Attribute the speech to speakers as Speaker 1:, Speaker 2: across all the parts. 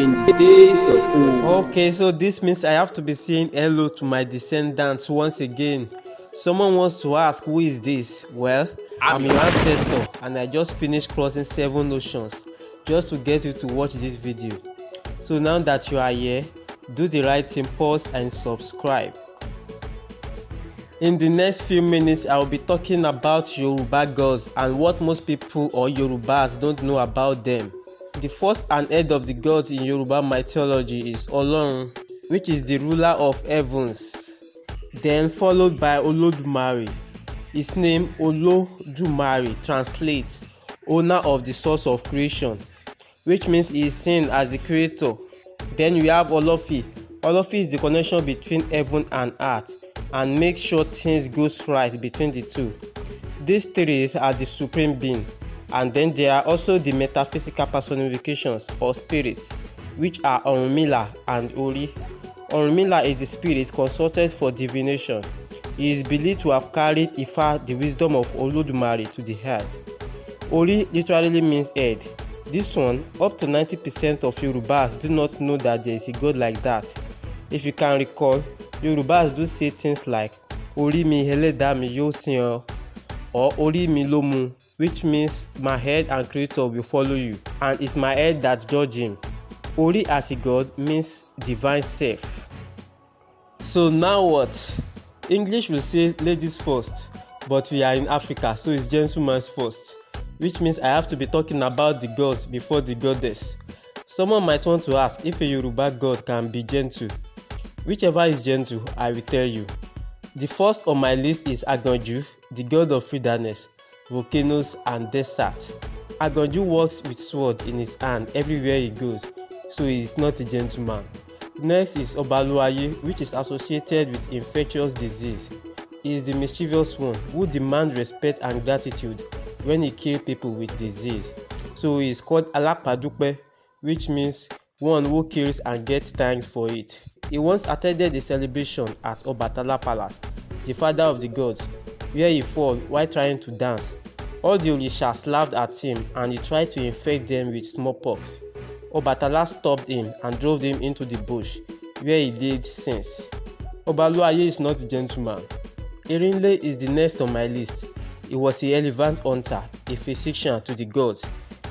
Speaker 1: in the days of old. Okay, so this means I have to be saying hello to my descendants once again. Someone wants to ask, who is this? Well, I'm, I'm your ancestor and I just finished crossing seven oceans just to get you to watch this video. So now that you are here, do the right thing, pause and subscribe. In the next few minutes, I will be talking about Yoruba girls and what most people or Yorubas don't know about them. The first and head of the gods in Yoruba mythology is Olorun, which is the ruler of heavens, then followed by Olodumare. His name Olodumare translates owner of the source of creation, which means he is seen as the creator. Then we have Olofi. Olofi is the connection between heaven and earth and makes sure things goes right between the two. These three are the supreme being And then there are also the metaphysical personifications or spirits, which are Orunmila and Ori. Orunmila is the spirit consulted for divination. He is believed to have carried Ifa, the wisdom of Olodumare, to the head. Ori literally means head. This one, up to 90% of Yorubas do not know that there is a god like that. If you can recall, Yorubas do say things like, Ori mi Ẹlẹ́dàá mi yóò sìn or Ori mi ló mú which means my head and creator will follow you and it's my head that judge him ori as a god means divine self so now what english will say ladies first but we are in africa so it's gentlemen first which means i have to be talking about the gods before the goddess someone might want to ask if a yoruba god can be gentle whichever is gentle i will tell you the first on my list is aganju the god of freedomness volcanoes and deserts. Aganju walks with sword in his hand everywhere he goes, so he is not a gentleman. Next is Obaluaye, which is associated with infectious disease. He is the mischievous one who demands respect and gratitude when he kills people with disease. So he is called Alapadupe, which means one who kills and gets thanks for it. He once attended a celebration at Obatala Palace, the father of the gods, where he fall while trying to dance. All the orishas laughed at him and he tried to infect them with smallpox. Obatala stopped him and drove him into the bush, where he did since. Obaluaye is not a gentleman. Irinle is the next on my list. He was a elephant hunter, a physician to the gods,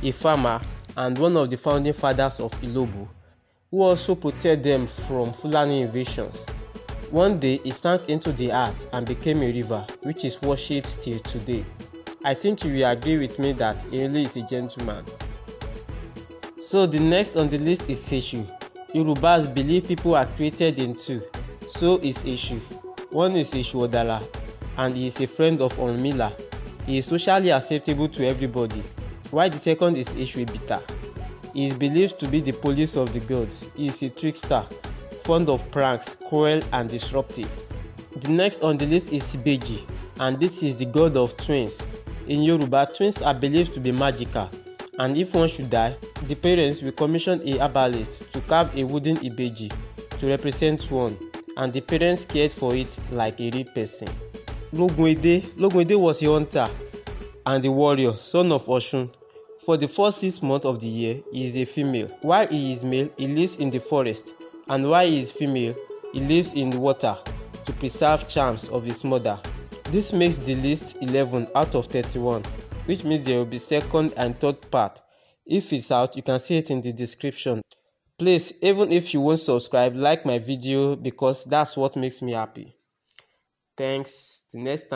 Speaker 1: a farmer, and one of the founding fathers of Ilobu, who also protected them from Fulani invasions. One day it sank into the earth and became a river, which is worshipped till today. I think you will agree with me that Ele is a gentleman. So the next on the list is Sechu. Yorubas believe people are created in two. So is Eshu. One is Eshu Odala, and he is a friend of Onmila. He is socially acceptable to everybody, while the second is Eshu Ibita. He is believed to be the police of the gods. He is a trickster fond of pranks, cruel and disruptive. The next on the list is Sibeji and this is the god of twins. In Yoruba, twins are believed to be magical and if one should die, the parents will commission a herbalist to carve a wooden Ibeji to represent one and the parents cared for it like a real person. Logunede Logunede was a hunter and a warrior, son of Osun. For the first six months of the year, he is a female. While he is male, he lives in the forest and while he is female, he lives in the water to preserve charms of his mother. This makes the list 11 out of 31, which means there will be second and third part. If it's out, you can see it in the description. Please, even if you won't subscribe, like my video because that's what makes me happy. Thanks. The next time.